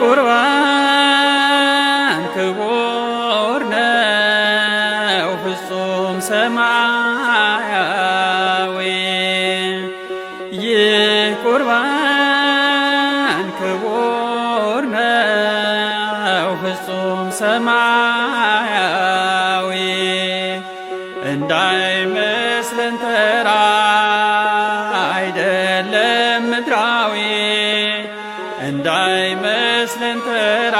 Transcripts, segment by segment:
ቁርባን ክቡር ነው ፍጹም ሰማያዊ ይህ ቁርባን ክቡር ነው ፍጹም ሰማያዊ እንዳ እንዳይመስለን ተራ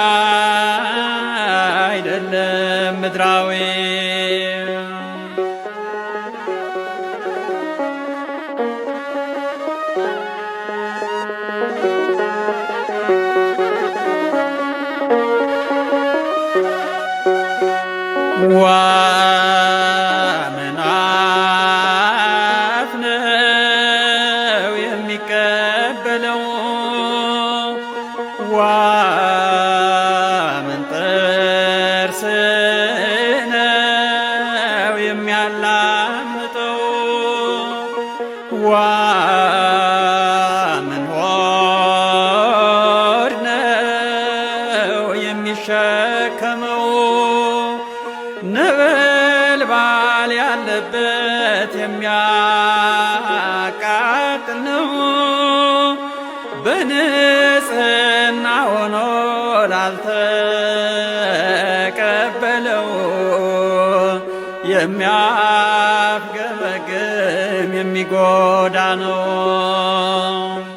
አይደለም ምድራዊ ዋመናት ነው የሚቀበለው ጽዋ ምንጥርስነ የሚያላምጠው ዋ ምንሆድ ነው የሚሸከመው ነበልባል ያለበት የሚያቃጥል ነው ያልተቀበለው የሚያፍገመግም የሚጎዳ ነው።